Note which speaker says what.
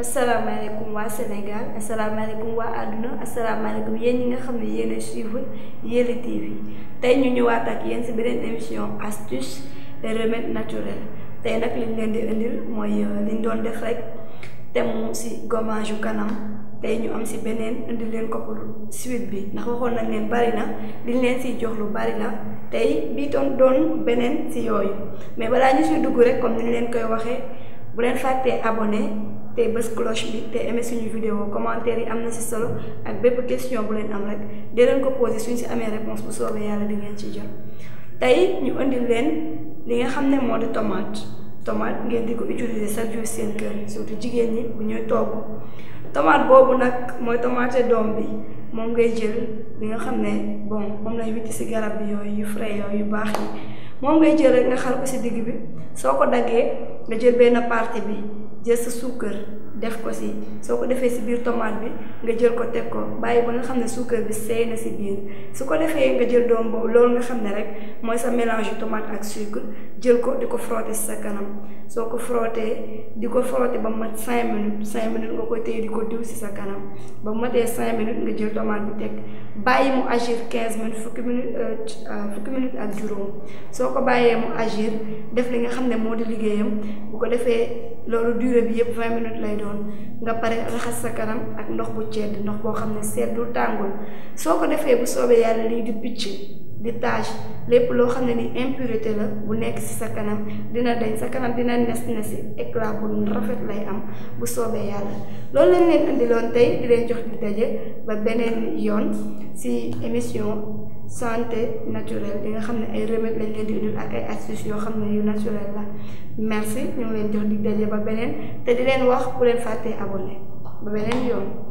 Speaker 1: asalaamaaleykum waa Sénégal asalaamaaleykum waa àdduna asalaamaaleykum yéen ñi nga xam ne yéen a suivre Yelli TV tey ñu ñëwaat ak yéen si beneen émission astuce et remède naturel tey nag liñ leen di indil mooy euh, liñ doon def rek te mu si gommage yu kanam tey ñu am si beneen indil leen ko pour suite bi ndax waxoon nañ leen bari na liñ leen siy jox lu bari la tey bii doon doon beneen si yooyu mais balaa ñu si dugg rek comme ni ñu leen koy waxee bu leen fàttee abonné. te bés cloche bi te aimé suñu vidéo commentaire yi am na si solo ak bépp question bu leen am rek di leen ko posé suñ si amee réponse bu soobee yàlla di ngeen ci jot tey ñu indi leen li nga xam ne moo di tomate tomate ngeen di ko utiliser chaque jour seen kër surtout jigéen ñi bu ñuy togg tomate boobu nag mooy tomate doom bi moom ngay jël li nga xam ne bon moom lay witti si garab bi yooyu yu frais yooyu yu baax yi moom ngay jël rek nga xar ko si digg bi soo ko daggee nga jël benn partie bi jël sa suukar def ko si soo ko defee si biir tomate bi nga jël ko teg ko bàyyi ba nga xam ne suukar bi seey na si biir su ko defee nga jël doom boobu loolu nga xam ne rek mooy sa mélange tomate ak sucre jël ko di ko frotter si sa kanam soo ko frotter di ko frotter ba mu mat cinq minutes cinq minutes nga koy téye di ko diw si sa kanam ba matee cinq minutes nga jël tomate bi teg bàyyi mu agir quinze minutes fukki minutes euh, euh, fukki ak juróom soo ko bàyyee mu agir def li nga xam ne moo di liggéeyam bu ko defee loolu durée bi yëpp vingt minutes lay doon nga pare raxas sa kanam ak ndox bu cedd ndox boo xam ne seddul tàngul soo ko defee bu soobee yàlla lii di bitage lépp loo xam ne ni impureté la bu nekk ci sa kanam dina dañ sa kanam dina nes na ci éclat bu rafet lay am bu soobee yàlla loolu lañ leen indiloon tey di leen jox di daje ba beneen yoon ci émission santé naturelle bi nga xam ne ay remèdes lañ leen di indil ak ay astuces yoo xam ne yu naturel la merci ñu ngi leen jox di daje ba beneen te di leen wax bu leen fàttee abonné ba beneen yoon